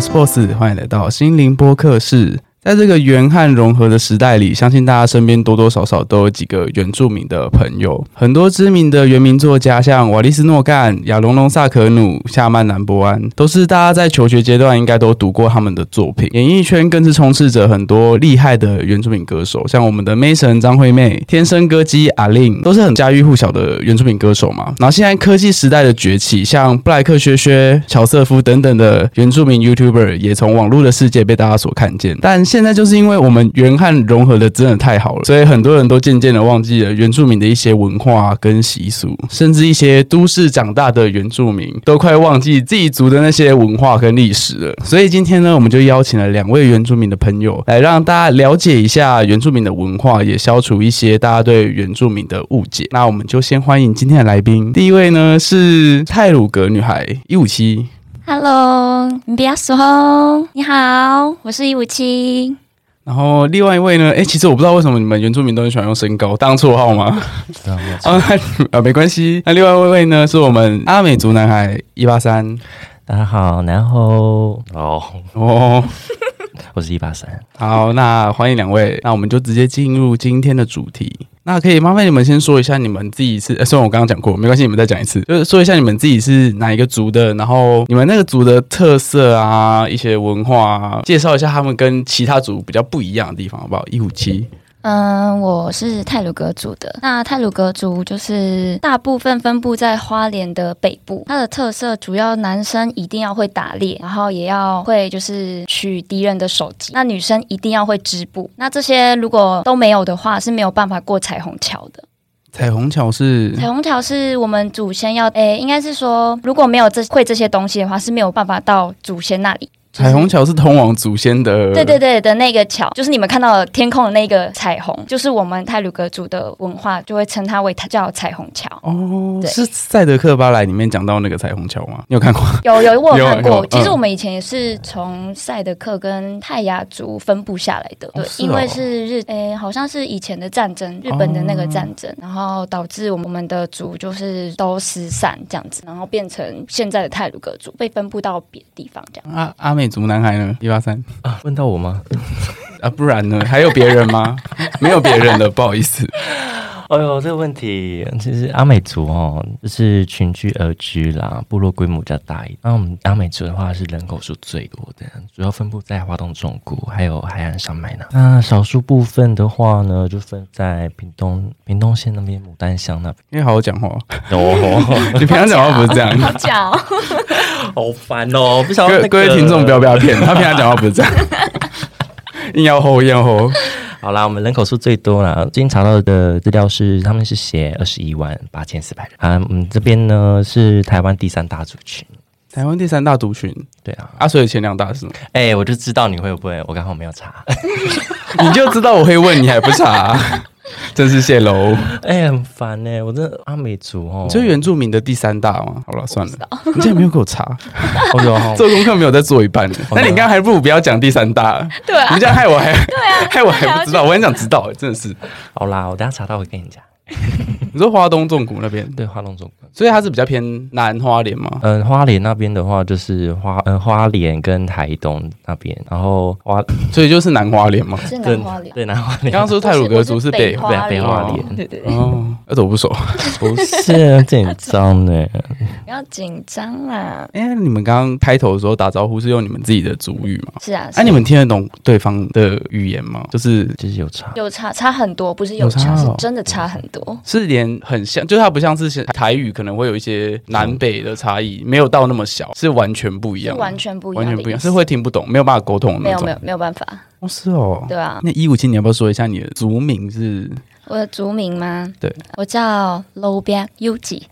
我是波斯，歡迎來到心靈播客室。在這個原漢融合的時代裡，相信大家身邊多多少少都有幾個原住民的朋友。很多知名的原民作家，像瓦利斯諾幹、亞隆隆薩可努、夏曼南波安，都是大家在求學階段應該都讀過他們的作品。演藝圈更是充斥着很多厲害的原住民歌手，像我們的 Mason 張惠妹、天生歌姬 Alin 都是很家喻戶曉的原住民歌手嘛。然後現在科技時代的崛起，像布萊克薛薛、喬瑟夫等等的原住民 YouTuber，也從網絡的世界被大家所看見。但現在就是因為我們原漢融合的真的太好了，所以很多人都漸漸的忘記了原住民的一些文化跟習俗，甚至一些都市長大的原住民都快忘記自己族的那些文化跟歷史了。所以今天呢，我們就邀請了兩位原住民的朋友來讓大家了解一下原住民的文化，也消除一些大家對原住民的誤解。那我們就先歡迎今天的來賓，第一位呢是太魯閣女孩157。Hello，你好，你好，我是一五七。然後另外一位呢？哎、欸，其實我不知道為什麼你們原住民都很喜歡用身高當綽號嗎？ 號嗎 啊，沒關係。那另外一位呢？是我們阿美族男孩一八三，大家好。然後，哦哦。我是一八三，好，那歡迎兩位，那我們就直接進入今天的主題。那可以麻煩你們先說一下你們自己是，欸、雖然我剛剛講過，沒關係，你們再講一次，就是說一下你們自己是哪一個族的，然後你們那個族的特色啊，一些文化啊，介紹一下他們跟其他族比較不一樣的地方，好不好？一五七。嗯，我是太魯閣族的。那太魯閣族就是大部分分布在花蓮的北部。它的特色主要男生一定要會打獵，然後也要會就是取敵人的首級。那女生一定要會織布。那這些如果都沒有的話，是沒有辦法過彩虹橋的。彩虹橋是彩虹橋是我們祖先要誒、欸，應該是說如果沒有這會這些東西的話，是沒有辦法到祖先那裡。就是、彩虹橋是通往祖先的，對對對的那個橋，就是你們看到的天空的那個彩虹，就是我們太魯閣族的文化，就會稱它為它叫彩虹橋。哦，是《賽德克巴萊》裡面講到那個彩虹橋嗎？你有看過？有有，我有看過，有有有。其實我們以前也是從賽德克跟泰雅族分布下來的，嗯、對、哦哦，因為是日誒，好像是以前的戰爭，日本的那個戰爭，哦、然後導致我們的族就是都失散這樣子，然後變成現在的太魯閣族被分布到別的地方這樣。啊啊。美族男孩呢？一八三啊？問到我嗎？ 啊，不然呢？還有別人嗎？ 沒有別人了，不好意思。哎呦，這個問題其實阿美族哦，就是群居而居啦，部落規模較大一點。那我們阿美族的話是人口數最多的，主要分布在花東縱谷還有海岸山脈，那少數部分的話呢，就分在屏東屏東縣那邊牡丹鄉那邊。你好好講話，哦、 你平常講話不是這樣，好煩 哦！各、那個、各位聽眾不要不要騙，他平常講話不是這樣，硬要吼硬要吼。好啦，我們人口數最多了。今天查到的資料是，他們是寫二十一萬八千四百人啊。嗯，我們這邊呢是台灣第三大族群，台灣第三大族群。對啊，啊，所以前兩大是什麼？哎、欸，我就知道你會不會，我剛好沒有查， 你就知道我會問你，還不查。 真是謝嘍，哎、欸，很煩哎、欸，我真的阿美族哦，你是原住民的第三大嗎？好了，算了，你竟然沒有給我查，我 做功課沒有再做一半， 那你剛剛還不如不要講第三大，對， 你們這樣害我還， 對啊、 害我還不知道， 啊、我很想知道、欸，真的是， 好啦，我等一下查到我跟你講。 你說花東縱谷那邊？對，花東縱谷，所以它是比較偏南花蓮嘛。嗯，花蓮那邊的話，就是花嗯花蓮跟台東那邊，然後花，所以就是南花蓮嘛。是南花蓮，對，對南花蓮剛剛說太魯閣族是北，北北花蓮。對對對。呃、哦，我、啊、不熟，不 是啊，緊張呢。 不要緊張啦。哎、欸，你們剛剛開頭的時候打招呼是用你們自己的族語嗎？是啊。哎、啊啊，你們聽得懂對方的語言嗎？就是其實、就是、有差，有差差很多，不是有差，有差哦、是真的差很多。是連很像，就是它不像是台語，可能會有一些南北的差異，嗯，沒有到那麼小，是完全不一樣，是完全不一樣，完全不一樣，是會聽不懂，沒有辦法溝通的那種。沒有沒有沒有辦法，哦，是哦，對啊，那一五七你要不要說一下你的族名是？我的族名嗎？對，我叫路邊有吉。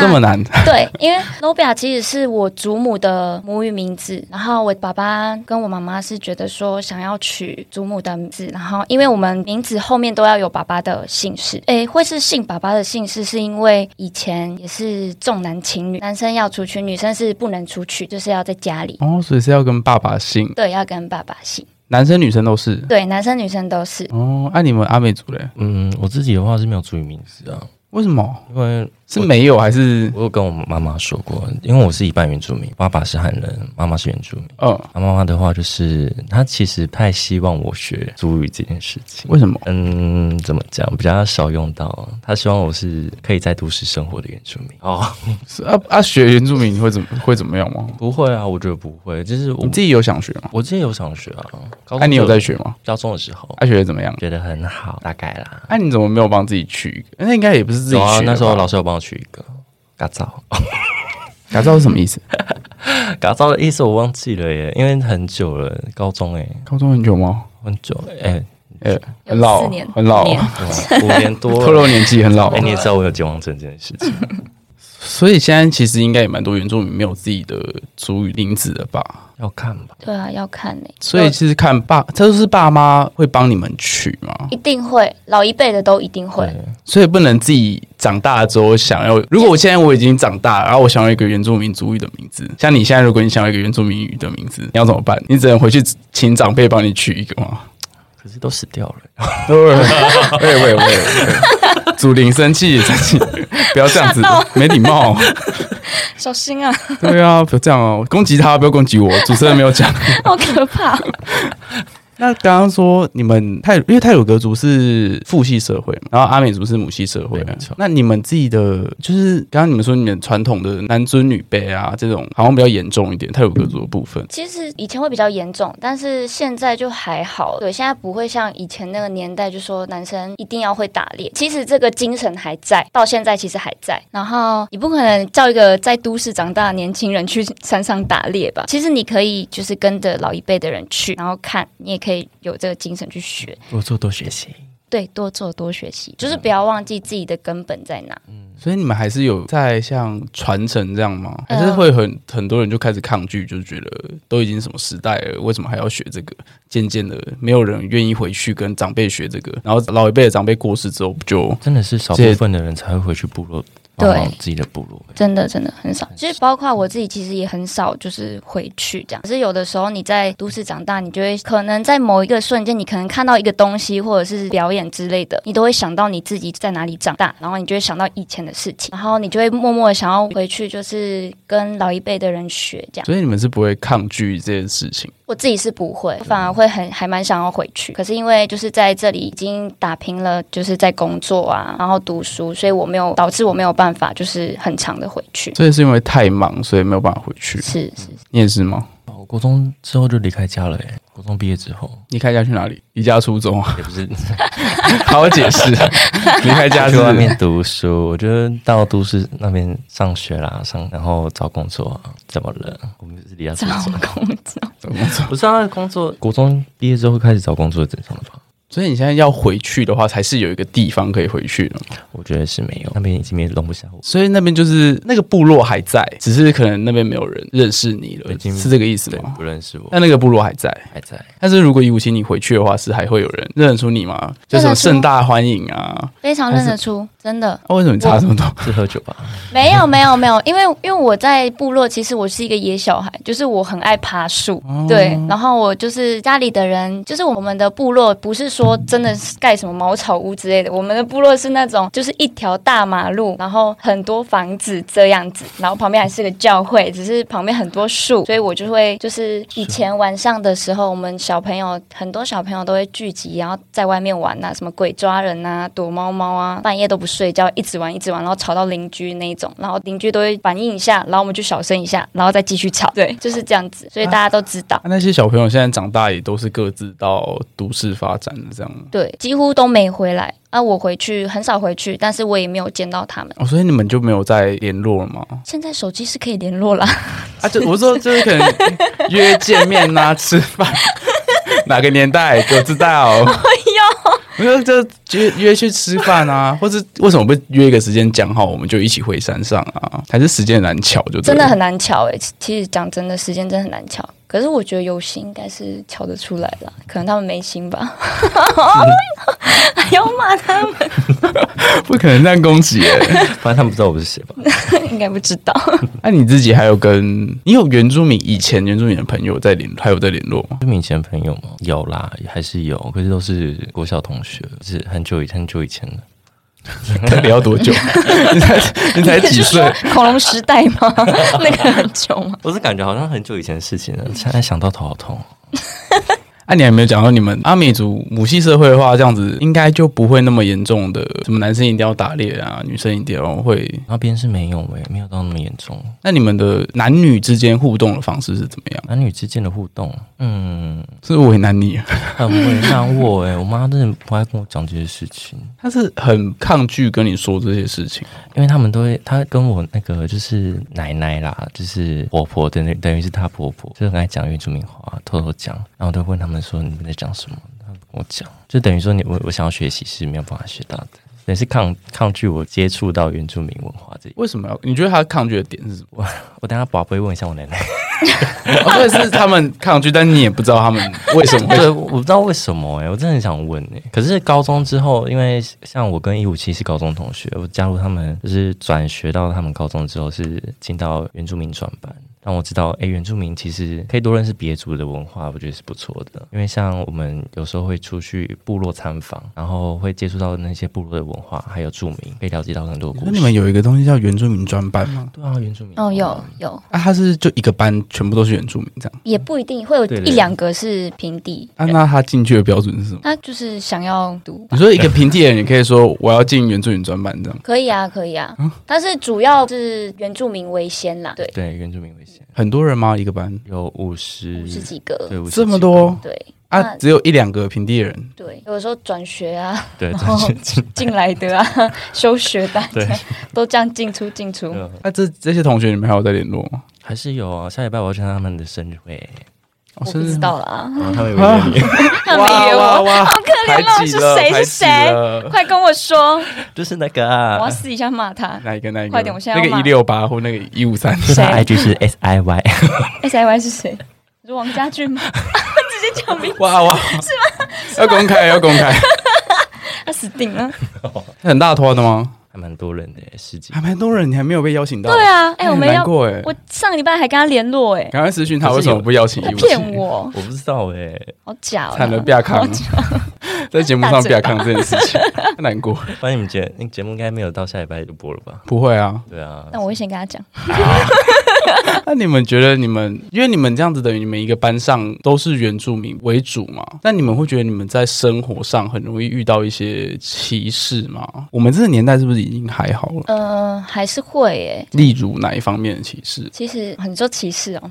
這麼難？對，因為羅比亞其實是我祖母的母語名字，然後我爸爸跟我媽媽是覺得說想要取祖母的名字，然後因為我們名字後面都要有爸爸的姓氏，誒、欸，會是姓爸爸的姓氏，是因為以前也是重男輕女，男生要出去，女生是不能出去，就是要在家裡哦，所以是要跟爸爸姓，對，要跟爸爸姓，男生女生都是，對，男生女生都是哦，愛、啊、你們阿美族嘞？嗯，我自己的話是沒有母語名字啊，為什麼？因為。是沒有還是我，我有跟我媽媽說過，因為我是一半原住民，爸爸是漢人，媽媽是原住民。嗯，他媽媽的話就是，她其實不太希望我學族語這件事情。為什麼？嗯，怎麼講？比較少用到，她希望我是可以在都市生活的原住民。哦， 是，是啊啊，啊，學原住民你會怎麼會怎麼樣嗎？ 不會啊，我覺得不會。就是你自己有想學嗎？我自己有想學啊。哎，啊、你有在學嗎？高中的時候，他，啊、學的怎麼樣？學得很好，大概啦。哎、啊，你怎麼沒有幫自己取？那應該也不是自己、啊、學，那時候老師有幫我，取一個嘎吵，嘎吵 是什麼意思？嘎吵的意思我忘記了耶，因為很久了，高中哎。高中很久嗎？很久哎哎，老、欸很，欸、很老，五年， 年多，透露年紀很老。哎、欸，你也知道我有健忘症這件事情。 所以現在其實應該也蠻多原住民沒有自己的族語名字的吧？要看吧。對啊，要看哎、欸。所以其實看爸，這都是爸媽會幫你們取嗎？一定會，老一輩的都一定會。所以不能自己長大之後想要，如果我現在我已經長大，然後我想要一個原住民族語的名字，像你現在，如果你想要一個原住民語的名字，你要怎麼辦？你只能回去請長輩幫你取一個嗎？可是都死掉了、欸 對 喂。喂喂喂！祖 靈 生氣生氣。 不要這樣子的，沒禮貌 。小心啊！對啊，不要這樣哦，攻擊他，不要攻擊我。主持人沒有講， 好可怕。 那剛剛說你們太，因為太魯閣族是父系社會嘛，然後阿美族是母系社會。沒錯。那你們自己的就是剛剛你們說你們傳統的男尊女卑啊，這種好像比較嚴重一點。太魯閣族的部分，其實以前會比較嚴重，但是現在就還好。對，現在不會像以前那個年代，就說男生一定要會打獵。其實這個精神還在，到現在其實還在。然後你不可能叫一個在都市長大的年輕人去山上打獵吧？其實你可以就是跟着老一輩的人去，然後看你也。可以有這個精神去學，多做多學習。對，多做多學習，就是不要忘記自己的根本在哪。嗯，所以你們還是有在像傳承這樣嗎？還是會很很多人就開始抗拒，就覺得都已經什麼時代了，為什麼還要學這個？漸漸的，沒有人願意回去跟長輩學這個。然後老一輩的長輩過世之後就，就真的是少部分的人才會回去部落。對，自己的部落、欸、真的真的很少，很少。其實包括我自己，其實也很少就是回去這樣。可是有的時候你在都市長大，你就會可能在某一個瞬間，你可能看到一個東西或者是表演之類的，你都會想到你自己在哪裡長大，然後你就會想到以前的事情，然後你就會默默的想要回去，就是跟老一輩的人學這樣。所以你們是不會抗拒這件事情。我自己是不會，我反而會很還蠻想要回去。可是因為就是在這裡已經打拼了，就是在工作啊，然後讀書，所以我沒有導致我沒有辦法就是很長的回去。這也是因為太忙，所以沒有辦法回去。是是，你也是嗎？我高中之後就離開家了誒、欸。高中畢業之後，離開家去哪裡？離家出走啊？也不是， 好解釋。離 開家 去外面讀書，我覺得到都市那邊上學啦，上然後找工作、啊，怎麼了？我們就是離家出走。找工作 不是的、啊、工作，國中畢業之後開始找工作了，正常的吧？所以你現在要回去的話，才是有一個地方可以回去的。我覺得是沒有，那邊已經沒弄不下我。所以那邊就是那個部落還在，只是可能那邊沒有人認識你了，是這個意思嗎？對，不認識我，那那個部落還在，還在。但是如果157你回去的話，是還會有人認得出你嗎？就什麼盛大歡迎啊，非常認得出，真的。那、哦、為什麼你差這麼多？是喝酒吧？ 沒有，沒有，沒有，因為因為我在部落，其實我是一個野小孩，就是我很愛爬樹、嗯，對，然後我就是家裡的人，就是我們的部落不是說。說真的是蓋什麼茅草屋之類的，我們的部落是那種就是一條大馬路，然後很多房子這樣子，然後旁邊還是個教會，只是旁邊很多樹，所以我就會就是以前晚上的時候，我們小朋友很多小朋友都會聚集，然後在外面玩吶、啊，什麼鬼抓人吶、啊，躲貓貓啊，半夜都不睡覺，一直玩一直玩，然後吵到鄰居那一種，然後鄰居都會反應一下，然後我們就小聲一下，然後再繼續吵，對，就是這樣子，所以大家都知道、啊、那些小朋友現在長大也都是各自到都市發展的。這樣嗎？對，幾乎都沒回來啊！我回去很少回去，但是我也沒有見到他們。哦，所以你們就沒有再聯絡了嗎？現在手機是可以聯絡了 啊就！就我說，就是可能約見面啊， 吃飯，哪個年代就知道。哎呦，因為這約約去吃飯啊， 或者為什麼不約一個時間講好，我們就一起回山上啊？還是時間很難巧就，就真的很難巧哎、欸！其實講真的，時間真的很難巧。可是我覺得有心應該是瞧得出來啦，可能他們沒心吧， 還要罵他們， 不可能這樣攻擊耶，反正，他們不知道我是誰吧， 應該不知道。 那、啊、你自己還有跟你有原住民，以前原住民的朋友在聯，還有在聯絡嗎？原住民以前的朋友嗎？有啦，還是有，可是都是國小同學，是很久以前，很久以前的。你要多久？ 你才你才幾歲？ 恐龍時代嗎？那個很久，啊，我是感覺好像很久以前的事情了，現在想到頭好痛。 哎、啊，你還沒有講到你們阿美族母系社會的話，這樣子應該就不會那麼嚴重的。什麼男生一定要打獵啊，女生一定要然後會。那邊是沒有、欸，喂，沒有到那麼嚴重。那你們的男女之間互動的方式是怎麼樣？男女之間的互動，嗯，就是為難你、啊，很為難我。哎，我媽真的不愛跟我講這些事情，她是很抗拒跟你說這些事情，因為他們都會，她跟我那個就是奶奶啦，就是婆婆，等等於是她婆婆就很愛講原住民話，啊，偷偷講，然後都問他們。他們說，你們在講什麼？他跟我講，就等於說，你我我想要學習是沒有辦法學到的，等於是抗抗拒我接觸到原住民文化這裡。這為什麼要？你覺得他抗拒的點是什麼？我，我等下寶貝問一下我奶奶。但、 哦、是他們抗拒，但你也不知道他們為什麼。對，我不知道為什麼哎、欸，我真的很想問哎、欸。可是高中之後，因為像我跟一五七是高中同學，我加入他們就是轉學到他們高中之後是進到原住民專班。讓我知道，哎，原住民其實可以多認識別族的文化，我覺得是不錯的。因為像我們有時候會出去部落參訪，然後會接觸到那些部落的文化，還有住民，可以了解到很多。那你們有一個東西叫原住民專班嗎？嗯、對啊，原住民哦，有有啊，他是就一個班，全部都是原住民這樣。也不一定會有一兩個是平地對對。啊，那他進去的標準是什麼？那就是想要讀。你說一個平地人， 你可以說我要進原住民專班這樣？可以啊，可以啊、嗯。但是主要是原住民為先啦，對對，原住民為先。很多人嗎？一個班有五十、五十幾個，對五十個，這麼多？對啊，只有一兩個平地人。對，有時候轉學，啊，學啊，對，然後進進來的啊，休學的、啊，對，都這樣進出進出。那、啊、這這些同學你們還有在聯絡嗎？還是有啊？下禮拜我要去他們的生日會、欸。我不知道啦、啊哦嗯啊，他沒約你，他沒約我，好可憐哦！是誰？是誰？快跟我說，就是那個、啊，我要私底下罵他，哪一個？哪一個？快點，我現在那個一六八或那個一五三，誰？IG 是 SI, S I Y，S I Y 是誰？ 是王家俊嗎？ 直接講名，哇哇，是嗎？要公開， 要公開， 他死定了， 很大坨的嗎？還蠻多人的，欸，十幾，還蠻多人，你還沒有被邀請到。對啊，哎，欸欸，我沒有，欸，過哎，欸，我上個禮拜還跟他聯絡哎，欸，剛剛諮詢他為什麼不邀請義務？他騙我， 我不知道哎，欸，好假，慘了，不要看。康。 在節目上不要看這件事情，難過。 反正你們節那節目應該沒有到下禮拜就播了吧？不會啊，對啊。那我會先跟他講。那你們覺得你們，因為你們這樣子等於你們一個班上都是原住民為主嘛？那你們會覺得你們在生活上很容易遇到一些歧視嗎？我們這個年代是不是已經還好了？呃，還是會誒。例如哪一方面的歧視？其實很多歧視哦。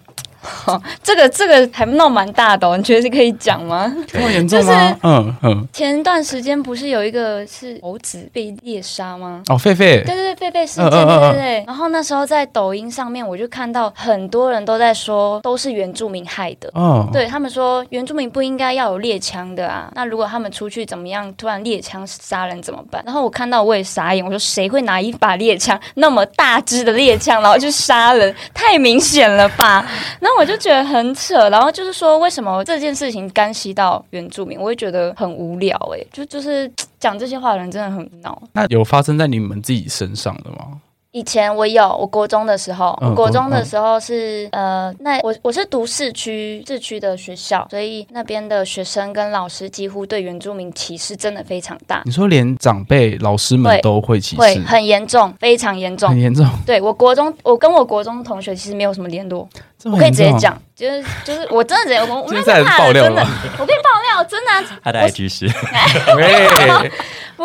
哦、這個這個還鬧蠻大的，哦，你覺得是可以講嗎？這麼嚴重嗎？嗯嗯。前段時間不是有一個是猴子被獵殺嗎？哦，狒狒。對對對，狒狒事件，對對對，啊啊。然後那時候在抖音上面，我就看到很多人都在說，都是原住民害的。嗯、哦。對他們說，原住民不應該要有獵槍的啊。那如果他們出去怎麼樣，突然獵槍殺人怎麼辦？然後我看到我也傻眼，我說誰會拿一把獵槍那麼大只的獵槍，然後去殺人？太明顯了吧？那。 我就覺得很扯，然後就是說，為什麼這件事情干係到原住民？我也覺得很無聊，欸，誒，就就是講這些話的人真的很鬧。那有發生在你們自己身上的嗎？以前我有，我國中的時候，嗯、我國中的時候是、嗯、呃，那我我是讀市區市區的學校，所以那邊的學生跟老師幾乎對原住民歧視真的非常大。你說連長輩、老師們都會歧視，會，很嚴重，非常嚴重，很嚴重。對，我國中，我跟我國中同學其實沒有什麼聯絡麼，我可以直接講，就是就是我真的直接，我 現在爆料嗎，真的，我被爆料真的，還來歧視。Okay .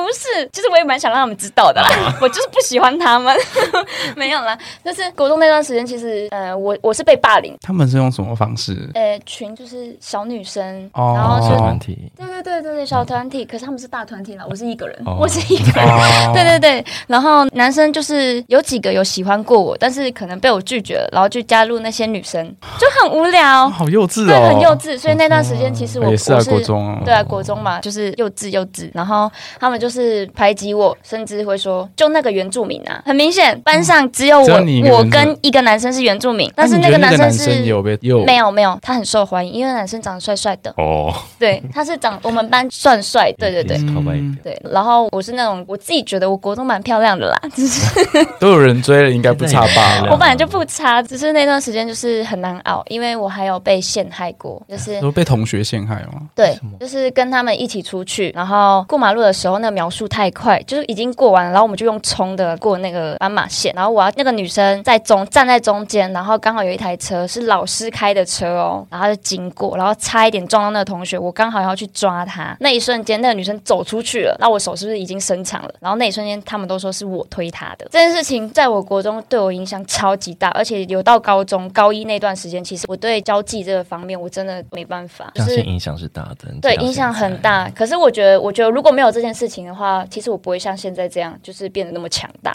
不是，其實我也蠻想讓他們知道的啦、啊，我就是不喜歡他們，呵呵沒有啦。但、就是國中那段時間，其實呃，我我是被霸凌。他們是用什麼方式？呃、欸，群就是小女生，哦、然後就團、哦、對對對對對小團體、嗯，可是他們是大團體了，我是一個人，哦、我是一個人、哦，對對對。然後男生就是有幾個有喜歡過我，但是可能被我拒絕了，然後就加入那些女生，就很無聊，哦、好幼稚啊、哦，對、很幼稚。所以那段時間其實我、哦、我是也是在國中啊。對啊，國中嘛，就是幼稚幼稚，然後他們就是。就是排擠我，甚至會說就那個原住民啊，很明顯班上只有我，嗯只有，我跟一個男生是原住民，啊、但是那個男生是男生有沒有沒有，他很受歡迎，因為男生長得帥帥的哦。對，他是長 我們班算帥帥，對對對，對、嗯，對。然後我是那種我自己覺得我國中蠻漂亮的啦，只是 都有人追了，應該不差吧，啊。我本來就不差，只是那段時間就是很難熬，因為我還有被陷害過，就是都被同學陷害了嗎？對，就是跟他們一起出去，然後過馬路的時候那。描述太快，就是已經過完了，然後我們就用衝的過那個斑馬線，然後我要那個女生在中站在中間，然後剛好有一台車是老師開的車哦，然後就經過，然後差一點撞到那個同學，我剛好要去抓他那一瞬間，那個女生走出去了，那我手是不是已經伸長了？然後那一瞬間，他們都說是我推她的這件事情，在我國中對我影響超級大，而且有到高中高一那段時間，其實我對交際這個方面我真的沒辦法，相信影響是大的，對，影響很大。可是我覺得，我覺得如果沒有這件事情的話，其實我不會像現在這樣，就是變得那麼強大。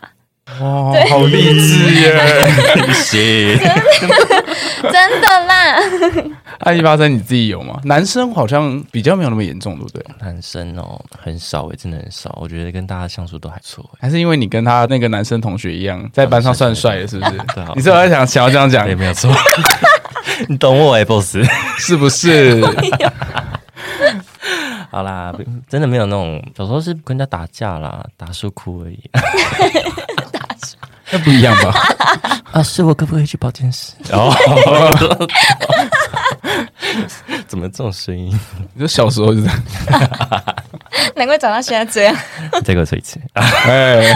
哇、哦，好勵志耶！謝謝，真的， 真的啦。愛一八三，183，你自己有嗎？男生好像比較沒有那麼嚴重，對不對？男生哦，很少，真的很少。我覺得跟大家相處都還不錯。還是因為你跟他那個男生同學一樣，在班上算帥，的是不是？對對對，你是不是想想要這樣講？也沒有錯， 你懂我哎，boss， 是不是？好啦，真的沒有那種小時候是跟人家打架啦，打輸哭而已。那 不一樣吧？ 啊，老師我，可不可以去保健室？ 怎麼這種聲音？你說小時候就這樣？難怪長大現在這樣。這個誰吃？ 哎哎哎哎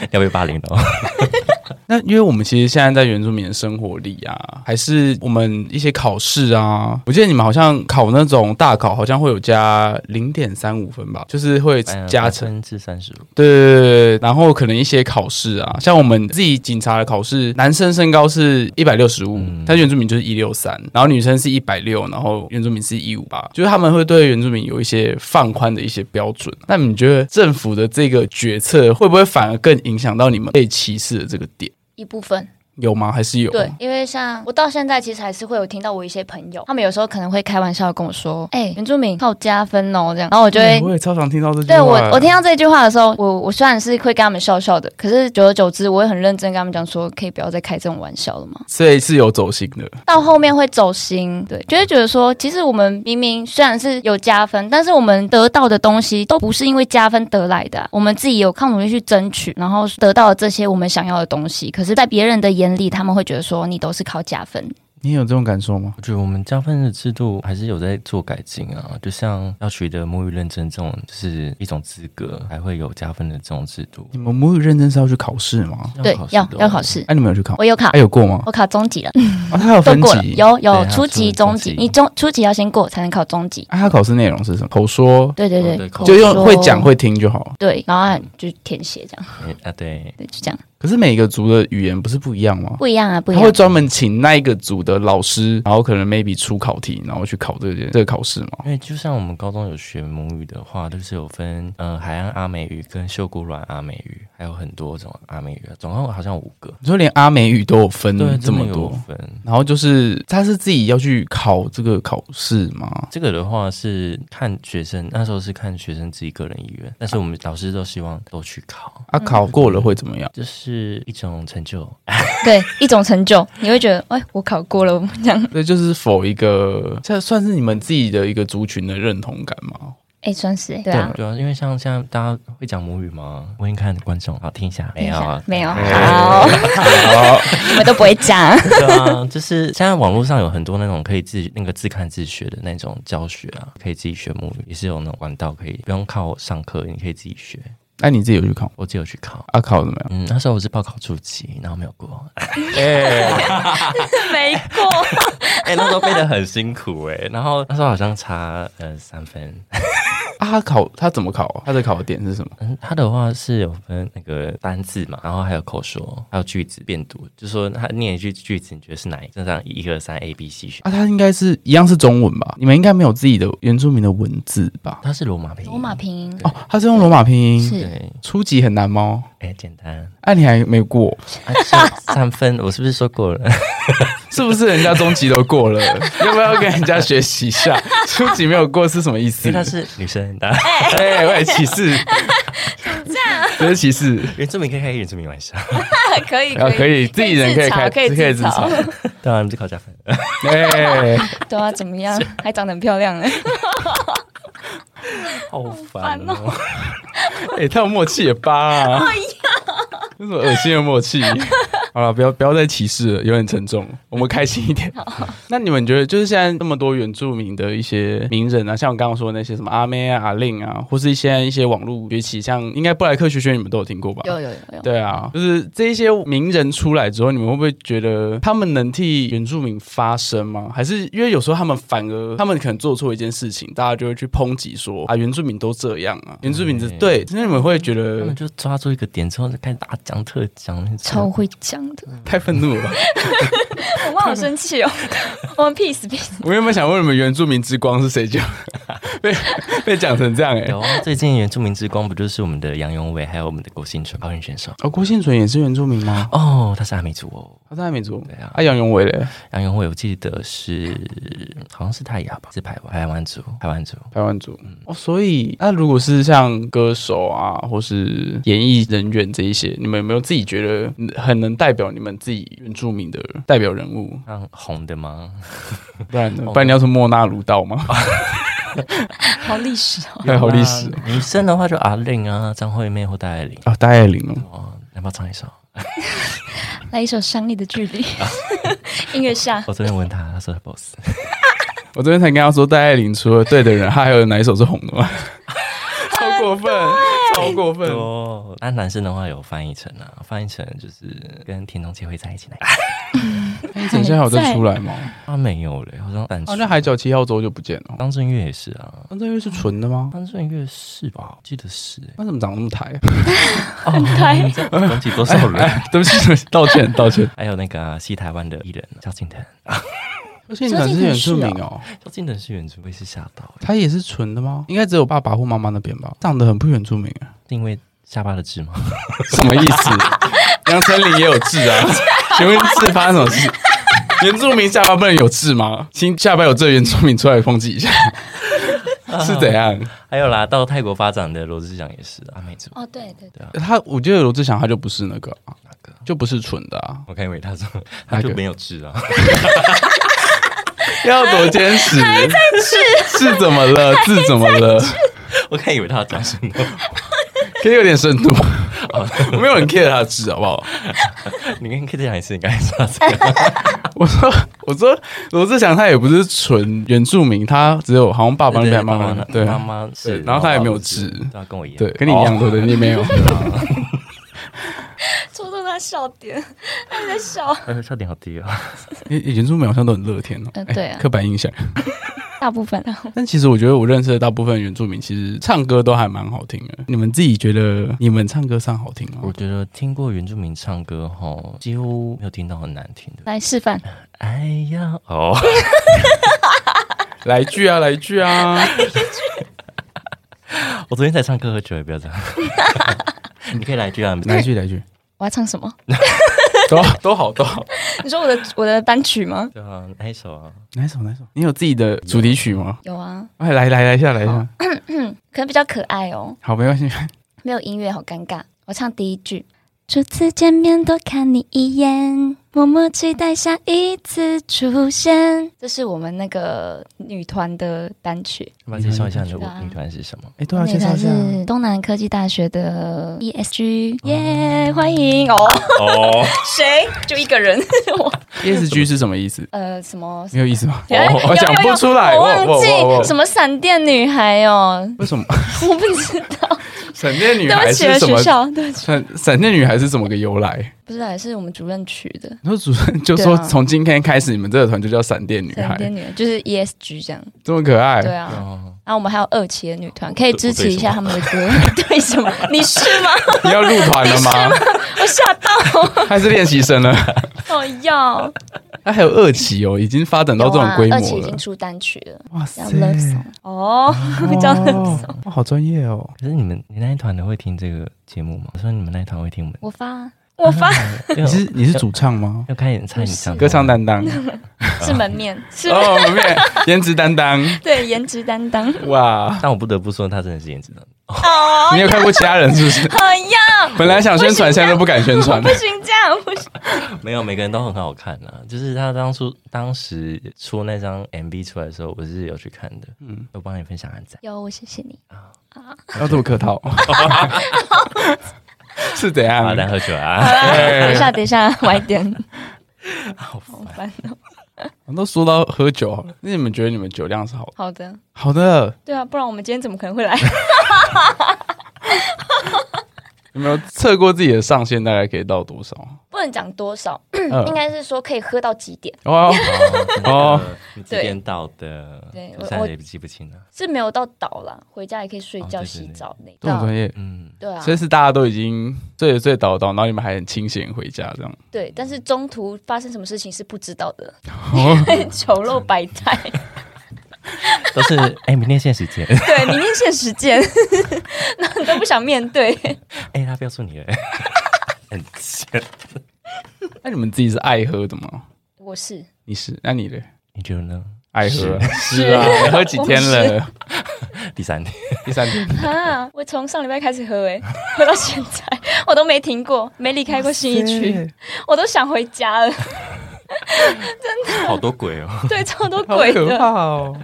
哎 要不要霸凌哦？ 那因為我們其實現在在原住民的生活裡啊，還是我們一些考試啊，我記得你們好像考那種大考，好像會有加零點三五分吧，就是會加成至三十五。對對對。然後可能一些考試啊，像我們自己警察的考試，男生身高是一百六十五，但原住民就是一六三，然後女生是一百六，然後原住民是一五八，就是他們會對原住民有一些放寬的一些標準。那你覺得政府的這個決策會不會反而更影響到你們被歧視的這個點？一部分。有嗎？還是有？對，因為像我到現在其實還是會有聽到我一些朋友，他們有時候可能會開玩笑跟我說：“哎、欸，原住民靠加分哦。”這樣，然後我就會、欸、我也超常聽到這句話、啊。對我，我聽到這句話的時候，我我雖然是會跟他們笑笑的，可是久而久之，我也很認真跟他們講說，可以不要再開這種玩笑了嘛。所以是有走心的。到後面會走心，對，就會覺得說，其實我們明明雖然是有加分，但是我們得到的東西都不是因為加分得來的、啊，我們自己有靠努力去爭取，然後得到了這些我們想要的東西。可是，在別人的眼。他們會覺得說你都是靠加分，你有這種感受嗎？我覺得我們加分的制度還是有在做改進啊，就像要取得母語認證這種，就是一種資格，還會有加分的這種制度。你們母語認證是要去考試嗎考、哦？對，要要考試。哎、啊，你們有去考？我有考、啊，有過嗎？我考中級了。啊，他有分級，過了有有初級，級、中級，你中初級要先過才能考中級。哎、啊，他考試內容是什麼？口說。對對對，就用會講會聽就好了、嗯。對，然後就填寫這樣、欸。啊，對，對，就這樣。可是每個族的語言不是不一樣嗎？不一樣啊，不一樣、啊。他會專門請那一個族的老師，然後可能 maybe 出考題，然後去考這件、個、這個考試嘛。因為就像我們高中有學母語的話，都、就是有分，呃，海岸阿美語跟秀姑巒阿美語，還有很多種阿美語，總共好像五個。你說連阿美語都有分,對這,有分這麼多，然後就是他是自己要去考這個考試嗎？這個的話是看學生那時候是看學生自己個人意願，但是我們老師都希望都去考。啊，嗯、考過了會怎麼樣？就是。是一種成就 對，對一種成就，你會覺得，哎、欸，我考過了，我們對，就是否一個，這算是你們自己的一個族群的認同感嗎？哎、欸，算是，對啊對，對啊，因為像現在大家會講母語嗎？我先看觀眾，好，聽一下，一下沒有、啊，沒有，沒有，好，好，你們 都不會講，對啊，就是現在網絡上有很多那種可以自那個自看自學的那種教學啊，可以自己學母語，也是有那種管道可以不用靠上課，你可以自己學。那、啊、你自己有去考？我自己有去考。啊，考了怎麼樣？那時候我是報考初級，然後沒有過。哎、 欸， 沒過、欸欸。那時候背得很辛苦哎、欸，然後那時候好像差呃三分。 啊、他考他怎麼考，他的考點是什麼？嗯，他的話是有分那個單字嘛，然後還有口說，還有句子變讀，就說他念一句句子，你覺得是哪一個？這樣，一、二、三，A、B、C 啊，他應該是一樣是中文吧？你們應該沒有自己的原住民的文字吧？他是羅馬拼音，羅馬拼音哦，他是用羅馬拼音對。對，初級很難嗎？很簡單、啊，哎、啊，你還沒過三分，我是不是說過了？是不是人家中級都過了？ 要不要跟人家學習一下？初級沒有過是什麼意思？因為他是女生很大哎，我也歧視，怎麼講？不 是歧視，因為原住民可以開一點原住民玩笑， 可以可以，可以，、啊、可以，可以自己人可以開，可以可以自嘲。自嘲 對我、啊、們就考加分， 欸、 對啊，怎麼樣？ 還長得很漂亮嘞、欸。 好煩哦！哎、哦 欸，他有默契也罷啊，為 什麼惡心的默契？ 好了，不要不要再歧視了，有點沉重。 我們開心一點。好好 那你們覺得，就是現在那麼多原住民的一些名人啊，像我剛剛說的那些什麼阿妹啊、阿玲啊，或是一些一些網絡崛起，像應該布萊克學學，你們都有聽過吧？有有有有。對啊，就是這一些名人出來之後，你們會不會覺得他們能替原住民發聲嗎？還是因為有時候他們反而他們可能做錯一件事情，大家就會去抨擊說啊，原住民都這樣啊，原住民是對。那你們會覺得，他們就抓住一個點之後，就開始大講特講，超會講。太憤怒了！ 我媽好生氣哦。我們 peace peace。我原本想問你們“原住民之光”是誰講的，被 被講成這樣哎、欸哦。最近“原住民之光”不就是我們的楊勇緯，還有我們的郭婞淳奧運選手？哦，郭婞淳也是原住民嗎？哦，他是阿美族哦。排灣族對啊，阿楊勇緯嘞，楊勇緯我記得是好像是泰雅吧，是排排灣族，排灣族，排灣族、嗯。哦，所以啊，那如果是像歌手啊，或是演藝人員這一些，你們有沒有自己覺得很能代表你們自己原住民的代表人物？像、啊、紅的嗎？ 不然，不、okay. 然你要從莫那魯道嗎？ 好歷史哦，還好歷史、哦。女 生的話就阿玲啊，張惠妹或戴愛玲啊、哦，戴愛玲哦，嗯、要不要唱一首。來一首《想你的距離》，音樂下我。我昨天問他，他說是的 boss。 我昨天才跟他說，戴愛玲除了對的人，他 還有哪一首是紅的嗎？ 好過分。超過分哦！那男生的話有翻譯成啊，翻譯成就是跟田中千繪在一起那個，等一下有得出來嗎？他、啊、沒有嘞，好像好像、啊、海角七號後就不見了，張震嶽也是啊，張震嶽是純的嗎？張震嶽是吧、啊是吧啊？記得是、欸，他、啊、怎麼長得那麼台？台、 啊，恭、嗯、喜、嗯嗯、多少人、哎哎？對不起，對不起，道歉道歉。還有那個、啊、西台灣的藝人蕭、啊、敬騰 周俊德是原住民哦，周俊德是原住，會是嚇到。他也是純的嗎？應該只有爸爸或媽媽那邊吧，長得很不原住民啊，是因為下巴的痣嗎？什麼意思？楊丞琳也有痣啊？ 請問是發生什麼事？ 原住民下巴不能有痣嗎？請， 下巴有痣，原住民出來諷刺一下， 是怎樣、哦？還有啦，到泰國發展的羅志祥也是啊，沒錯哦，對對對，對他我覺得羅志祥他就不是那個、啊，哪、那個、就不是純的啊？我開以為他說、那個、他就沒有痣啊。 要多堅持是。是怎麼了？字怎麼了？我看以為他要講深度，可以有點深度。 我沒有很 care 他的字好不好？ 你跟 K t 講一次你、這個，你剛才說他麼？我說，我說，羅志祥他也不是純原住民，他只有好像爸爸媽媽，對，媽媽是，然後他也沒有字，媽媽有跟我一樣，對，跟你一樣多、啊、的、哦， 你沒有， 他笑點，他在笑。欸、笑點好低啊、喔。原、欸、原住民好像都很樂天哦、喔呃。對、啊欸，刻板印象。 大部分、啊。但其實我覺得我認識的大部分原住民，其實唱歌都還蠻好聽的。你們自己覺得你們唱歌唱好聽嗎、喔？我覺得聽過原住民唱歌後幾乎沒有聽到很難聽的。來示範。哎呀哦。 來一句啊，來一句啊。來一句 我昨天才唱歌喝酒，也不要這樣。 你可以來一句啊， 來一句，來一句。我要唱什麼？都 都好，都好。好 你說我的我的單曲嗎？對啊，來一首啊，來一首，來一首。你有自己的主題曲嗎？有，有啊，哎、來來來一下，來一下咳咳。可能比較可愛哦。好，沒關係。 沒有音樂，好尷尬。我唱第一句：初次見面多看你一眼。默默期待下一次出現，這是我們那個女團的單曲。我們介紹一下你的女團是，是什麼？哎、欸，多少介紹一下？是東南科技大學的 ESG，耶、yeah, 哦，歡迎哦。哦，誰？就一個人。哦、 ESG 是什麼意思？呃，什麼？沒有意思嗎？欸、我講不出來，我忘記什麼閃電女孩哦？為什麼？我不知道。 閃電女孩是怎麼？閃閃電女孩是怎麼個由來？不是，還是我們主任取的。然後主任就說：“從今天開始，你們這個團就叫閃電女孩。啊”閃電女孩就是 ESG 這樣，這麼可愛。對啊，然、啊、後我們還有二期的女團，可以支持一下他們的歌。對，對，什麼？ 對什麼？你是嗎？你要入團了嗎？嗎，我嚇到、喔， 還是練習生了？哦要。他還有二期哦，已經發展到這種規模、啊、二期已經出單曲了。哇塞！要 love song 哦，叫冷慫。哇，好專業哦！可是你們，你那一團的會聽這個節目嗎？我說你們那一團會聽嗎？我發、啊，我發。你是你是主唱嗎？要開演唱你唱歌唱擔當，是門面，是門面，顏 面、oh, 值擔當。對，顏值擔當。哇！但我不得不說，他真的是顏值擔當。Oh, 你有看過其他人是不是？要。 本來想宣傳，現在都不敢宣傳了。不行，這樣不行。 沒有，每個人都很好看、啊、就是他當初當時出那張 MV 出來的時候，我是有去看的。嗯，我幫你分享一下有，我謝謝你啊啊！要這麼客套？ 是這樣嗎？在喝酒啊？等一下，等一下，晚一點。好煩哦。我都說到喝酒了，那你們覺得你們酒量是好的？好的，好的。對啊，不然我們今天怎麼可能會來？ 有沒有測過自己的上限，大概可以到多少？不能講多少，嗯、應該是說可以喝到幾點？哦，、啊哦， 哦，對，幾點到的？我現在也記不清了，是沒有到倒了，回家也可以睡覺、哦、對對對洗澡，那種。對啊，所以是大家都已經醉醉倒倒，然後你們還很清閒回家這樣。對，但是中途發生什麼事情是不知道的。醜、哦、陋 百態都是。哎、 欸，明天限時間。對，明天限時間，那 都不想面對。哎、欸，他不要說你了，很賤。那你們自己是愛喝的嗎？我是。你是？那你呢？你覺得呢？愛喝？是，是啊， 是啊 喝幾天了？ 第三天，第三天 啊！我從上禮拜開始喝誒、欸，喝 到現在，我都沒停過，沒離開過新一區， 我都想回家了， 真的。好多鬼哦，對，超多鬼的，好可怕哦。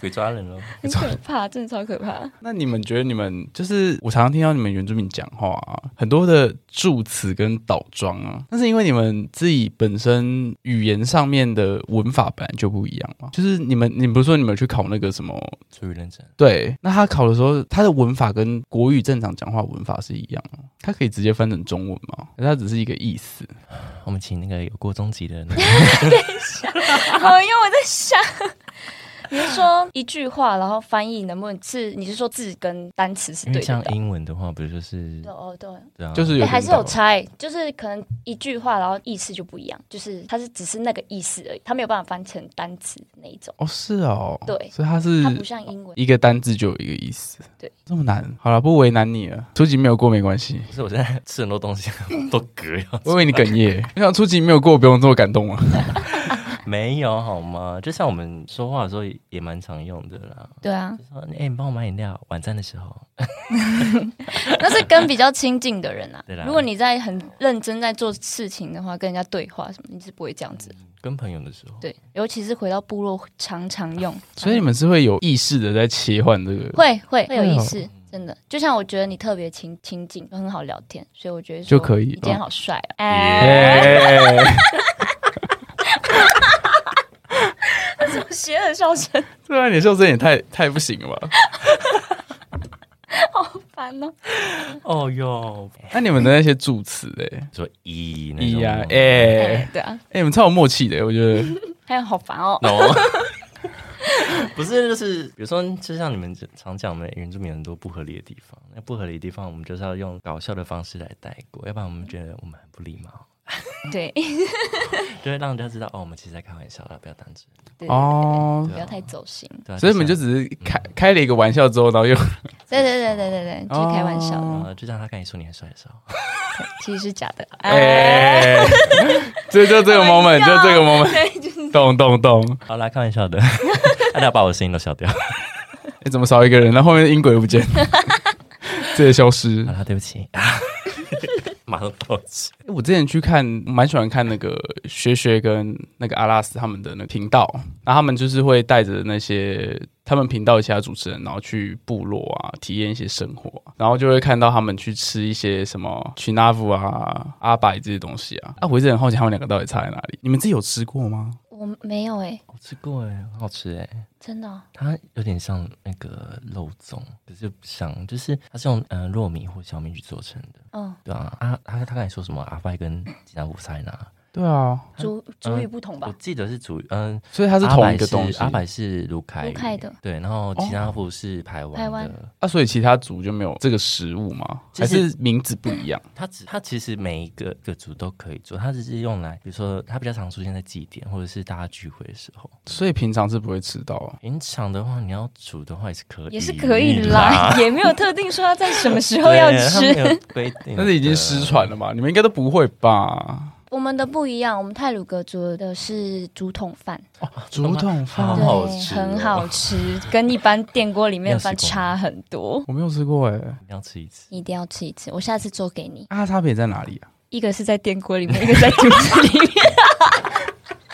會 抓人了，很可怕，真的超可怕。那你們覺得你們就是我常常聽到你們原住民講話，啊，很多的助詞跟倒裝啊，那是因為你們自己本身語言上面的文法本來就不一樣嘛？就是你們，你不是說你們去考那個什麼？族語認證？對，那他考的時候，他的文法跟國語正常講話文法是一樣、啊，他可以直接翻成中文嗎？他只是一個意思。 我們請那個有過中級的人 一下。 我因為我在想。你是說一句話，然後翻譯能不能是？你是說字跟單詞是對的？像英文的話，比如說是，哦對，就是、欸、還是有差，就是可能一句話，然後意思就不一樣，就是它是只是那個意思而已，它沒有辦法翻成單詞的那一種。哦，是哦，對，所以它是它不像英文，一個單字就有一個意思。對，這麼難，好啦，不為難你了。初級沒有過沒關係，不是我現在吃很多東西， 都嗝呀，我以為你哽咽。你 想初級沒有過，不用這麼感動了、啊。 沒有好嗎？就像我們說話的時候也蠻常用的啦。對啊，哎、欸，你幫我買飲料，晚餐的時候。 那是跟比較親近的人啊。如果你在很認真在做事情的話，跟人家對話什麼，你是不會這樣子。跟朋友的時候。對，尤其是回到部落常常用。啊、所以你們是會有意識的在切換這個。啊、會會會有意識、哎，真的。就像我覺得你特別親親近，很好聊天，所以我覺得、啊、就可以。你今天好帥啊。欸 學、 啊、的笑聲、喔 oh, 啊 e, e 啊欸，對啊，你笑聲也太太不行了吧？好煩哦！哦喲，那你們那些助詞哎，說一」，那呀哎，對啊，哎，你們超有默契的，我覺得。哎 有好煩哦、喔！No? 不是，就是比如說，就像你們常講的，原住民有很多不合理的地方。那不合理的地方，我們就是要用搞笑的方式來帶過，要不然我們覺得我們很不禮貌。 對，就會讓人家知道哦，我們其實在開玩笑的，不要當真。對對對對對對對哦，不要太走心、啊。所以我們就只是開、嗯、開了一個玩笑之後，然後又對對對對對對，就是開玩笑。然、哦、後、嗯、就讓他跟你說你很帥的時候，其實是假的。哎、欸欸欸欸欸，這 就這個 moment，就這個 moment，咚咚咚。好啦，開玩笑的，大 家、啊、把我的聲音都消掉。你、 欸、怎麼少一個人？那後，後面的音軌又不見了，這 也消失。好了，對不起。 蠻好奇，我之前去看，蠻喜歡看那個學學跟那個阿拉斯他們的那頻道，那、啊、他們就是會帶着那些他們頻道的其他主持人，然後去部落啊，體驗一些生活、啊，然後就會看到他們去吃一些什麼吉拿富啊、阿拜這些東西啊。啊，我一直很好奇他們兩個到底差在哪裡？你們自己有吃過嗎？我沒有哎、欸，我吃過哎、欸，很好吃哎、欸，真的、哦，它有點像那個肉粽，可是不像，就是它是用嗯、呃、糯米或小米去做成的，嗯，對啊，他他剛才說什麼？阿拜跟吉拉普塞納。 對啊，族族、嗯、語不同吧？我記得是族語，嗯，所以它是同一個東西。阿百是魯凱，魯對。然後其他部是台灣，的。那、哦啊、所以其他族就沒有這個食物嗎？就是、還是名字不一樣？它、嗯、只它其實每一個各族都可以做，它只是用來，比如說它比較常出現在祭典或者是大家聚會的時候。所以平常是不會吃到。啊。平常的話，你要煮的話也是可以，也是可以啦，也沒有特定說要在什麼時候要吃。規定，但 是已經失傳了嘛？你們應該都不會吧？我們的不一樣，我們太魯閣做的是竹筒飯哦，竹筒飯、嗯、很,很好吃，跟一般電鍋裡面的飯差很多。我沒有吃過哎、欸，一定要吃一次，一定要吃一次，我下次做給你。啊，它差別在哪裡啊？一個是在電鍋裡面，一個在竹子裡面。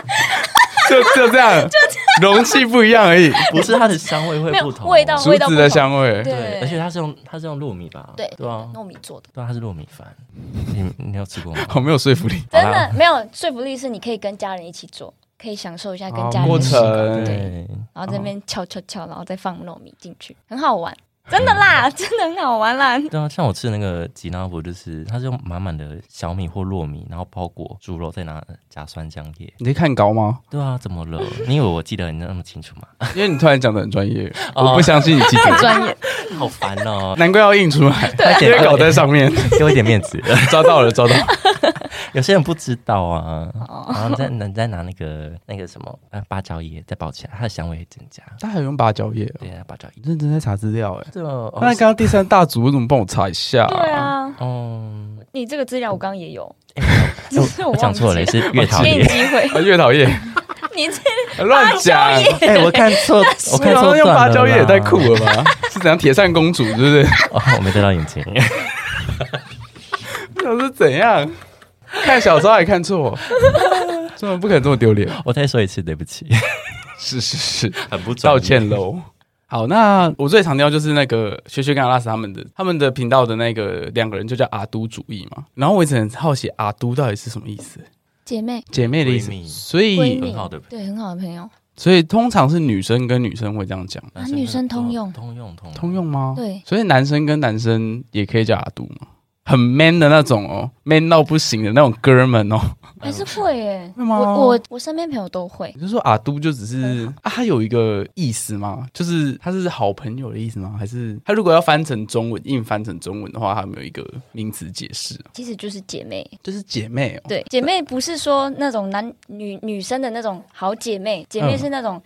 就這樣 就這樣，容器不一樣而已，不是它的香味會不同、啊沒有，味道、竹子的香味對，對，而且它是用它是用糯米吧，對，對啊，對，糯米做的，對，它是糯米飯， 你你有吃過嗎？好沒有說服力，真的沒有說服力，是你可以跟家人一起做，可以享受一下跟家人一起，對，然後這邊敲敲敲，然後再放糯米進去，很好玩。真的啦、嗯，真的很好玩啦。對啊，像我吃的那個吉拿富，就是它是用滿滿的小米或糯米，然後包裹豬肉，再拿加酸漿液。你可以看高嗎？對啊，怎麼了？ 你以為我記得你那麼清楚嗎？因為你突然講得很專業、哦，我不相信你記得很專業， 好煩哦、喔！難怪要印出來，直搞在上面，給 我一點面子，抓到了，抓到了。有些人不知道啊，然後能再拿那個那個什麼啊，芭蕉葉再包起來，它的香味也增加。他還有用芭蕉葉。哦，對啊，芭蕉葉認真在查資料哎。對啊，那剛剛第三大組怎麼幫我查一下、啊？對啊，嗯，你這個資料我剛剛也有，欸、我講錯、欸、了， 了，是月桃葉機會，月桃葉你這亂講。哎、 欸，我看錯， 我看錯，你用芭蕉葉也太酷了吧？ 是怎樣鐵扇公主，對、就是、 不對哦，我沒戴到眼鏡。那是怎樣？看小說還看錯， 怎麼不可能這麼丟臉？ 我再說一次，對不起。 是是是，很不錯。道歉嘍。 好，那我最常調就是那個學學跟阿拉斯他們的他們的頻道的那個兩個人，就叫阿都主義嘛。然後我一直很好奇阿都到底是什麼意思。姐妹，姐妹的意思，所以很好的對，很好的朋友，所以通常是女生跟女生會這樣講，男女生通用，通用通用嗎？對，所以男生跟男生也可以叫阿都嗎？很 man 的那種哦，man 到不行的那種哥們哦，還是會誒、欸、 我我我身邊朋友都會。就是說阿都就只是啊，啊，他有一個意思嗎？就是他是好朋友的意思嗎？還是他如果要翻成中文，硬翻成中文的話，他沒有一個名詞解釋？啊？其實就是姐妹，就是姐妹。哦。對，姐妹不是說那種男女女生的那種好姐妹，姐妹是那種，嗯。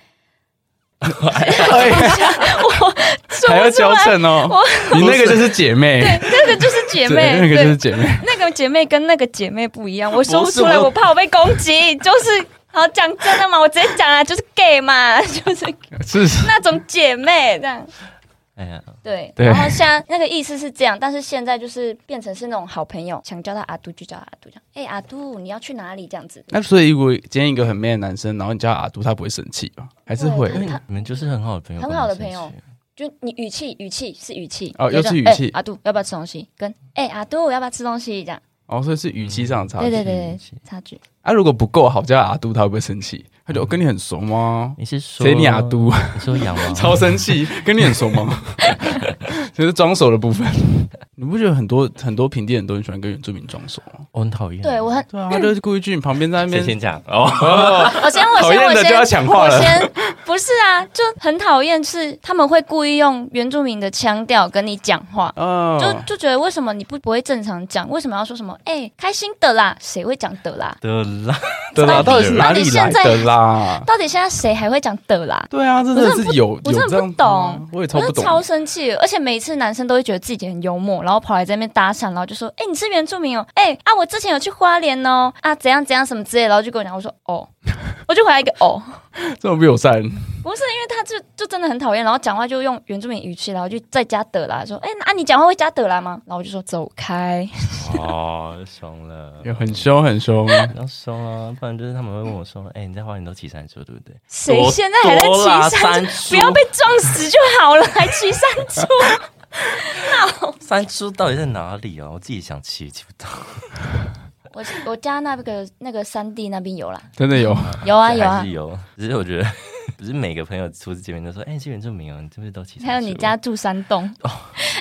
我說出來還要嬌嗔哦！我，我你那個就是姐妹，對，那個就是姐妹， 那個就是姐妹，那， 那個姐妹跟那個姐妹不一樣。我說不出來，我怕我被攻擊。就是，好講真的嘛，我直接講啊，就是 gay 嘛，就是是那種姐妹這樣。哎呀，對，對。然後像那個意思是這樣， 但是現在就是變成是那種好朋友， 想叫他阿杜就叫阿杜，哎、欸、阿杜你要去哪裡這樣子對對。那所以如果今天一個很 man 的男生，然後你叫他阿杜，他不會生氣還是會他他？你們就是很好的朋友，很好的朋友，就你語氣語氣是語氣哦，要是語氣、欸。阿杜要不要吃東西？跟哎、欸、阿杜要不要吃東西？這樣。哦，所以是語氣上的差距、嗯。對對對，差距。啊，如果不夠好，叫阿都，他會不會生氣？他就我、嗯、跟你很熟嗎？你是說誰是你阿都？你說楊嗎？ 超生氣， 跟你很熟嗎？就 是裝熟的部分， 你不覺得很多很多平地人都很喜歡跟原住民裝熟嗎？我、哦、很討厭。對，我很對啊，他就是故意去你旁邊，在那邊先講哦 的。我先，我先，我先。討厭的就要搶話了。不是啊，就很討厭，是他們會故意用原住民的腔調跟你講話，呃、就就覺得為什麼你不不會正常講，為什麼要說什麼？哎、欸，開心的啦，誰會講的啦？的啦，的啦，到底是哪裡來的啦？到底現在誰還會講的啦？對啊，真的是有，我真的有，有這，我真的不懂，嗯、我真超，超生氣。而且每次男生都會覺得自己很幽默，然後跑來這邊搭訕，然後就說：“哎、欸，你是原住民哦？哎、欸、啊，我之前有去花蓮哦啊，怎樣怎樣什麼之類，然後就跟我講，我說哦。” 我就回來一個哦，這麼有三不是，因為他就就真的很討厭，然後講話就用原住民語氣，然後就再加的啦，說：“哎、那、啊、你講話會加的啦嗎？”然後我就說：“走開。”哦，凶了，有 很凶很凶嗎？要凶啊，不然就是他們會問我說：“哎、 欸，你在花園都騎山豬，對不對？”誰現在還在騎山豬啊？不要被撞死就好了，還 騎山豬豬？三 山豬到底在哪裡啊？我自己想騎騎不到。 我,我家那個那個山地那邊有啦，真的有、啊，有啊有啊,有,啊有。只是我覺得，不是每個朋友初次見面都說，哎、欸，你是原住民哦、啊，你這邊都其實還有你家住山洞。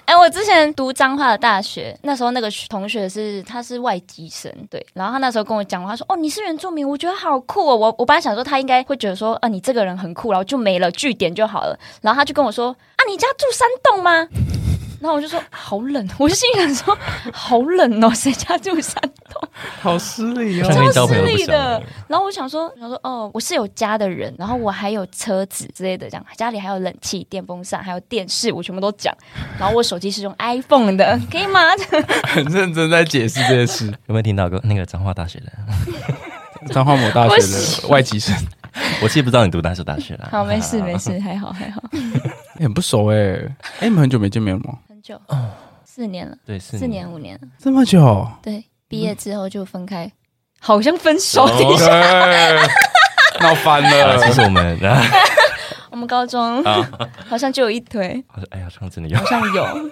哎、oh. 欸，我之前讀彰化的大學，那時候那個同學是他是外籍生，對，然後他那時候跟我講，他說，哦，你是原住民，我覺得好酷哦。我我本來想說他應該會覺得說，啊，你這個人很酷，然後就沒了句點就好了。然後他就跟我說，啊，你家住山洞嗎？ 然後我就說好冷，我就心裡想說好冷哦，誰家住山洞？好失禮哦、啊。超失禮的，的。然後我想說，我說哦，我是有家的人，然後我還有車子之類的，這樣家裡還有冷氣、電風扇，還有電視，我全部都講。然後我手機是用 iPhone 的，可以嗎？很認真在解釋這件事，有沒有聽到過？過那個，彰化大學的， 彰化某大學的外籍生，我其實不知道你讀哪所大學了。好，啊、沒事沒事，還好還好 欸。很不熟哎、欸，哎、欸，你們很久沒見面了嗎？久，四年了，對，四年，四年五年了，這麼久，對，畢業之後就分開，嗯、好像分手了一下，Okay, 鬧翻了，其、就是我們， 我們高中，好像就有一腿，好像，哎呀，好像真的有，好像有。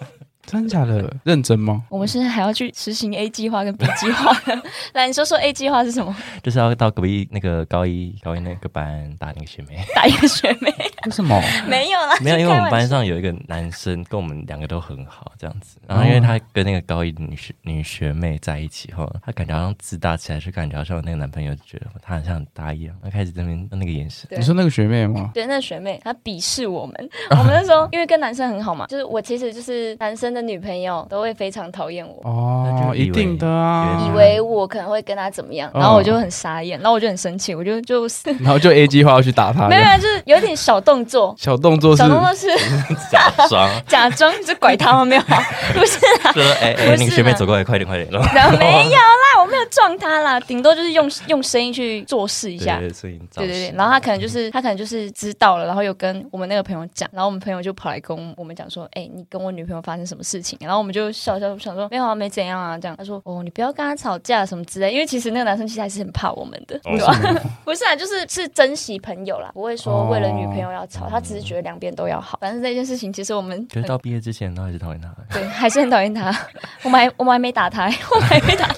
真的假的？認真嗎？我們現在還要去實行 A 計劃跟 B 計劃。 來，你說說 A 計劃是什麼？就是要到隔壁那個高一高一那個班打那個學妹， 打一個學妹。為 什麼？ 沒有啦。沒有，因為我們班上有一個男生 跟我們兩個都很好，這樣子。然後因為他跟那個高一女學 女學妹在一起後，他感覺好像自大起來，就感覺好像那個男朋友就覺得他好像很大一樣。他開始在那邊那個眼神，你說那個學妹嗎？對，那個學妹，他鄙視我們。我們那時候， 因為跟男生很好嘛，就是我其實就是男生的。女朋友都會非常討厭我哦，一定的啊，以為我可能會跟他怎麼樣，oh。然後我就很傻眼，然後我就很生氣，我就就然後就 A 計劃要去打他， 沒有，就是有點小動作，小動作，小動作是 假裝 假裝裝笑假裝笑假裝笑就拐他了沒有、啊？不是，說哎哎，你前面走過來，快點快點， 然後沒有啦，我沒有撞他啦，頂多就是用用聲音去做勢一下，對對對，對，對，然後他可能就是、嗯、他可能就是知道了，然後又跟我們那個朋友講，然後我們朋友就跑來跟我們，我們講說，哎、欸，你跟我女朋友發生什麼事情，然後我們就笑笑，想說沒有啊，沒怎樣啊，這樣。他說：“哦，你不要跟他吵架什麼之類的，因為其實那個男生其實還是很怕我們的，哦、對吧，是 不是啊，就是是珍惜朋友啦，不會說為了女朋友要吵，哦、他只是覺得兩邊都要好。反正這件事情，其實我們覺得到畢業之前，呢還是討厭他， 對，還是很討厭他。我們還我們還沒打他，我們還沒打，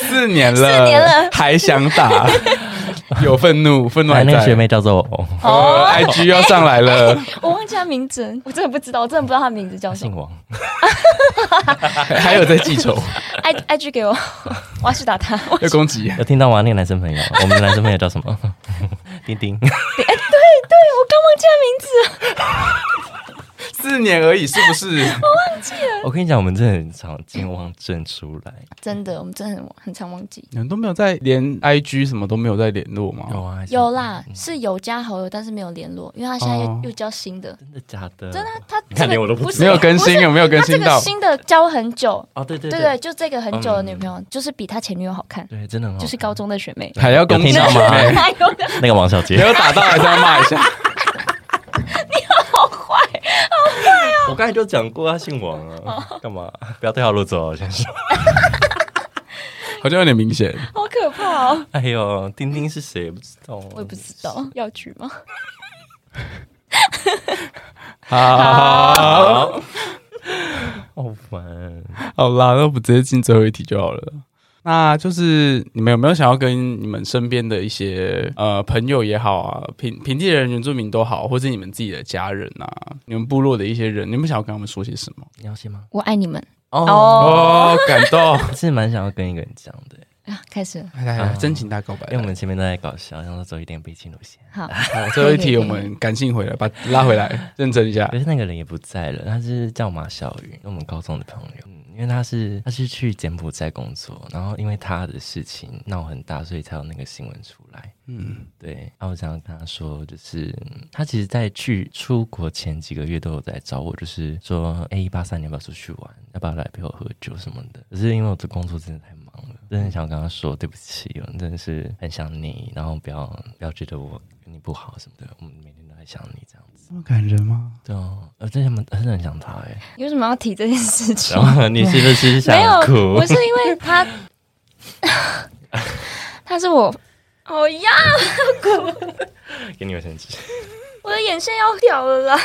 四年了， 四年了還想打。 ”有憤怒，憤怒。那個學妹叫做、o、哦，哦，IG 要上來了、欸。我忘記他名字，我真的不知道，我真的不知道他名字叫什麼。姓王， 還有在記仇。I I G 給我，我要去打她。要攻擊，有聽到嗎？那個男生朋友，我們的男生朋友叫什麼？丁 丁。哎、欸，對對，我剛忘記他名字。 四年而已，是不是？我忘記了。我跟你講，我們真的很常健忘症出來。真的，我們真的很很常忘記。你們都沒有在連 IG 什麼都沒有在聯絡嗎？有啊，有啦，是有加好友，但是沒有聯絡，因為他現在又、哦、又交新的。真的假的？真的，他的看不連我都不不不他沒有更新，有沒有更新到？新的交很久哦，對對對對，就這個很久的女朋友，嗯、就是比他前女友好看。對，真的嗎？就是高中的學妹，還要恭喜他嗎？那， 那個王小姐，沒有打到，還是要罵一下。 我剛才就講過、啊，他姓王啊！幹、哦、嘛？ 不要對號入座、啊，先說， 好像有點明顯，好可怕哦！哎呦，丁丁是誰？不知道，我也不知道。要舉嗎？ 好,好,好,好,好,好，好煩，好啦，那我們直接進最後一題就好了。那就是你們有沒有想要跟你們身邊的一些呃朋友也好啊，平平地的人、原住民都好，或者你們自己的家人啊，你們部落的一些人，你們想要跟他們說些什麼？你要寫嗎？我愛你們哦哦，哦，感動。 是蠻想要跟一個人講的啊。開始，來、啊、來真情大告白，因為我們前面都在搞笑，然後走一點悲情路線。好，最、啊、後一題我們感性回來，把拉回來，認真一下。 可是那個人也不在了，他是叫馬小雲，我們高中的朋友。因為他是他是去柬埔寨工作，然後因為他的事情鬧很大，所以才有那個新聞出來。嗯，對。然後我想跟他說，就是他其實，在去出國前幾個月都有在找我，就是說，哎，一八三你要不要出去玩？要不要來陪我喝酒什麼的？可是因為我的工作真的太忙了，真的想跟他說對不起，我真的是很想你，然後不要不要覺得我跟你不好什麼的，我們每天都。想你這樣子，這麼感人嗎？對，我真的很，真的很想他哎。你為什麼要提這件事情？你是不是其實想哭？不是因為他， 他是我。好呀， 給你衛生紙。 我的眼線要掉了啦。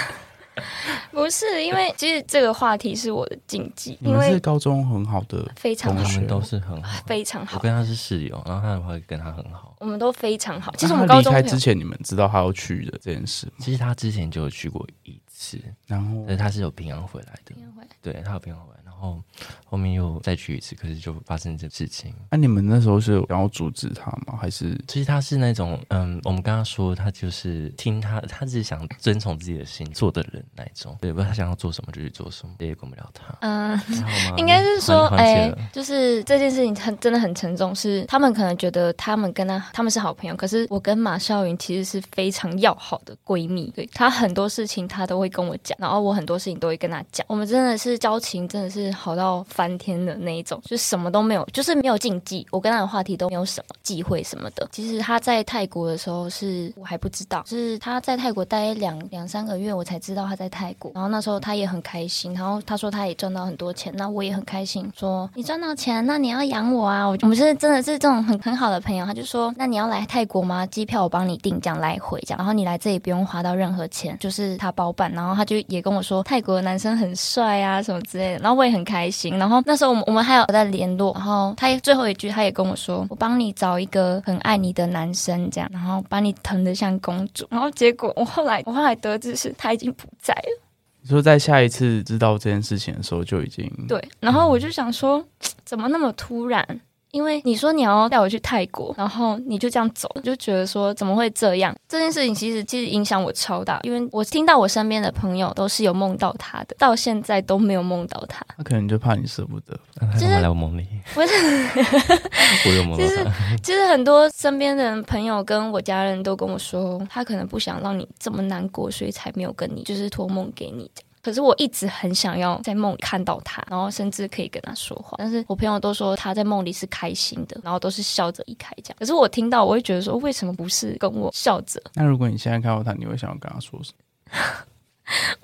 不是，因為其實這個話題是我的禁忌。因為是高中很好的，非常我們，他們都是很好，非常好。我跟他是室友，然後他的話跟他很好，我們都非常好。其實我們離開之前，你們知道他要去的這件事，這件事。其實他之前就有去過一次，然後但是他是有平安回來的，平安回來。對，他有平安回來的。然後後面又再去一次，可是就發生這件事情。那、啊、你們那時候是然後阻止他嗎？還是其實他是那種嗯，我們剛剛說他就是聽他，他是想遵從自己的心做的人那種，對，不知道他想要做什麼就去做什麼，誰也管不了他。嗯，哎、應該是說哎，就是這件事情很真的很沉重，是他們可能覺得他們跟他他們是好朋友，可是我跟馬少雲其實是非常要好的閨蜜，對，她很多事情她都會跟我講，然後我很多事情都會跟她講，我們真的是交情，真的是。好到翻天的那一種，就什麼都沒有，就是沒有禁忌。我跟他的話題都沒有什麼忌諱什麼的。其實他在泰國的時候是我還不知道，就是他在泰國待兩兩三個月，我才知道他在泰國。然後那時候他也很開心，然後他說他也賺到很多錢，那我也很開心，說你賺到錢，那你要養我啊！我們是真的是這種很很好的朋友。他就說，那你要來泰國嗎？機票我幫你訂，這樣來回這樣，然後你來這裡不用花到任何錢，就是他包辦。然後他就也跟我說，泰國的男生很帥啊，什麼之類的。然後我也很。很開心，然後那時候我們我們還有在聯絡，然後他也最後一句他也跟我說，我幫你找一個很愛你的男生，這樣，然後把你疼得像公主，然後結果我後來我後來得知是他已經不在了。你說在下一次知道這件事情的時候就已經對，然後我就想說，嗯、怎麼那麼突然？因為你說你要帶我去泰國，然後你就這樣走，就覺得說怎麼會這樣？這件事情其實其實影響我超大，因為我聽到我身邊的朋友都是有夢到他的，到現在都沒有夢到他。他可能就怕你捨不得，就是、啊、他還來我夢裡，不是。 就其實其實很多身邊的朋友跟我家人都跟我說，他可能不想讓你這麼難過，所以才沒有跟你就是託夢給你。可是我一直很想要在夢裡看到他，然後甚至可以跟他說話。但是我朋友都說他在夢裡是開心的，然後都是笑着一開講。可是我聽到，我會覺得說，為什麼不是跟我笑着？那如果你現在看到他，你會想要跟他說什麼？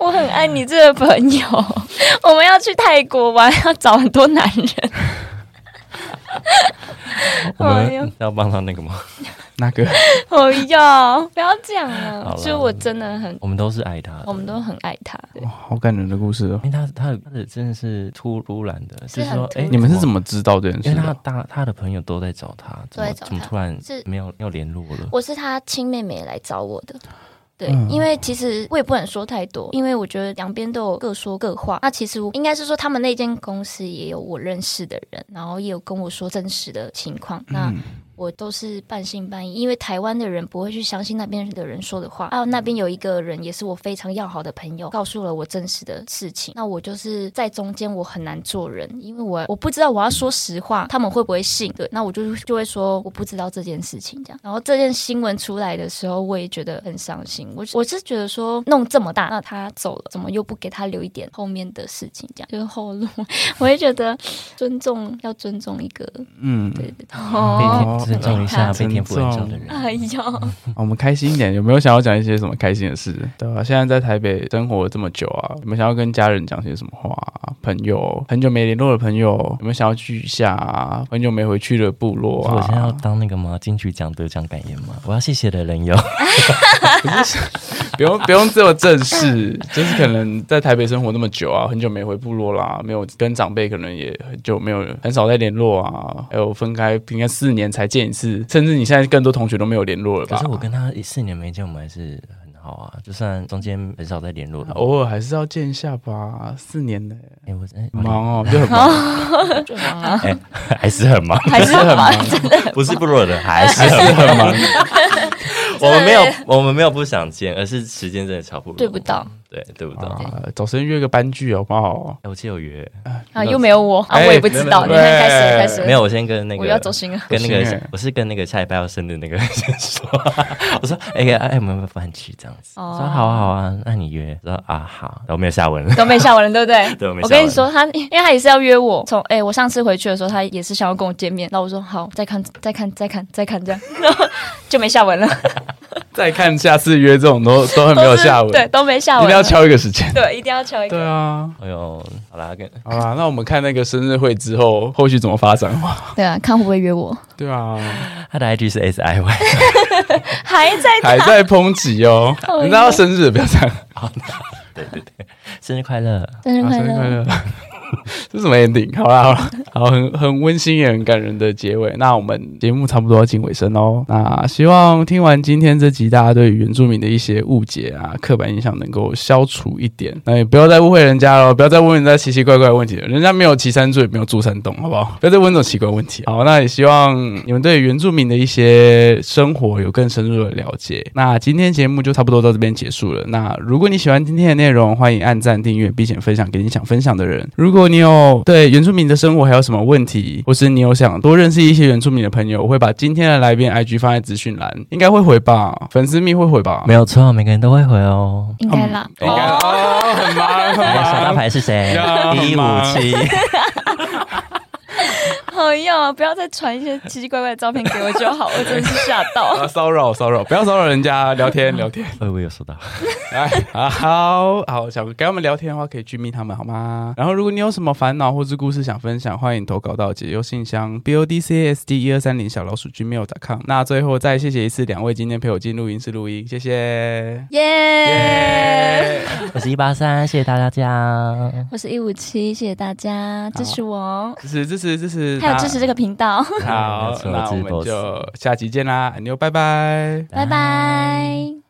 我很愛你，這個朋友。 我們要去泰國玩，要找很多男人。 我們要幫他那個嗎？ 那個 ，我要不要這樣啊？其 實我真的很，我們都是愛他的，我們都很愛他。哇、哦，好感人的故事哦！因為他他的真的是突突然的是突然的，就是說，哎、欸，你們是怎麼知道這件事？因為他大他，他的朋友都在找他，對，怎麼突然沒有要聯絡了？我是他親妹妹來找我的，對，嗯、因為其實我也不敢說太多，因為我覺得兩邊都有各說各話。那其實應該是說，他們那間公司也有我認識的人，然後也有跟我說真實的情況。那。嗯我都是半信半疑，因為台灣的人不會去相信那邊的人說的話。還有，啊，那邊有一個人，也是我非常要好的朋友，告訴了我真實的事情。那我就是在中間，我很難做人，因為我我不知道我要說實話，他們會不會信？對，那我就就會說我不知道這件事情這樣。然後這件新聞出來的時候，我也覺得很傷心。我我是覺得說弄這麼大，那他走了，怎麼又不給他留一點後面的事情？這樣就是後路， 我也覺得尊重要尊重一個。嗯，對對對。對哦哦就是重一下被你尊重的人。哎呦，嗯哦，我們開心一點，有沒有想要講一些什麼開心的事？對吧？現在在台北生活這麼久啊，有沒有想要跟家人講些什麼話？朋友，很久沒聯絡的朋友，有沒有想要聚一下、啊？很久沒回去的部落啊？我現在要當那個嗎？金曲獎得獎感言嗎？我要謝謝的人有， 不，行 不用不用這麼正式，就是可能在台北生活那麼久啊，很久沒回部落啦，啊，沒有跟長輩可能也很久沒有很少在聯絡啊，還有分開應該四年才。見一次，甚至你現在更多同學都沒有聯絡了吧。可是我跟他一四年沒見，我們還是很好啊。就算中間很少在聯絡的，偶爾還是要見一下吧。四年嘞，哎、欸，我在，我在忙哦、啊，就 很忙、啊，就很忙。哎，還是很忙， 還是很忙， 很忙，不是不弱的，還是很忙。 我們沒有，我們沒有不想見，而是時間真的超不對不到。對對不對？找、okay. 時、啊、約個班聚、哦、好不、啊、好、欸？我其實有約啊，又沒有我啊、欸，我也不知道。欸、你看該誰開始，開始？沒有，我先跟那個，我要走心了跟那個走心，我是跟那個下禮拜要生的那個人先說。 我說，哎、欸、哎、欸欸，我們我有，不去這樣子。哦、說，好啊好啊，那你約。說啊好，然後沒有下文了，都沒下文了，對不對？ 對我沒，我跟你說，他因為他也是要約我，從哎、欸、我上次回去的時候，他也是想要跟我見面。那我說好，再看再看再看再看這樣， 就沒下文了。 再看，下次約這種都都很沒有下文， 對，都沒下文，一定要敲一個時間，對，一定要敲一個。對啊，哎、哦、呦，好啦，好啦。那我們看那個生日會之後後續怎麼發展嘛？對啊，看會不會約我？對啊，他的 IG 是 S I Y， 還在還在抨擊哦，oh, 你知道他生日不要這樣，好的，對對對，生日快樂，生日快樂，生日快樂。啊 是 什麼 ending 好啦，好啦，好，很很溫馨也很感人的結尾。那我們節目差不多要進尾聲哦。那希望聽完今天這集，大家對於原住民的一些誤解啊、刻板印象能夠消除一點。那也不要再誤會人家嘍，不要再問人家奇奇怪怪的問題，人家沒有騎山豬，也沒有住山洞，好不好？不要再問這種奇怪問題。好，那也希望你們對於原住民的一些生活有更深入的了解。那今天節目就差不多到這邊結束了。那如果你喜歡今天的內容，歡迎按讚、訂閱，並且分享給你想分享的人。如果你有對原住民的生活還有什麼問題，或是你有想多認識一些原住民的朋友，我會把今天的來賓 IG 放在資訊欄，應該會回吧？粉絲密會回吧？沒有錯，每個人都會回哦。應該啦。哦應該哦哦、很忙，很忙。小大牌是誰？一五七。 不要不要再傳一些奇奇怪怪的照片給我就好，我真的是嚇到。騷擾騷擾，不要騷擾人家聊天聊天。哎我有收到？來， 好好小哥跟他們聊天的話，可以去密他們好嗎？然後，如果你有什麼煩惱或是故事想分享，歡迎投稿到解憂信箱 b o d c s d 一二三零小老鼠 gmail.com。那最後再謝謝一次，兩位今天陪我進錄音室錄音，謝謝。耶、yeah! yeah!！我是一八三，謝謝大家。 我是一五七，謝謝大家支持我。支持支持支持。支持啊、支持這個頻道。好，那 我們就下期見啦，阿牛， 拜拜，拜拜。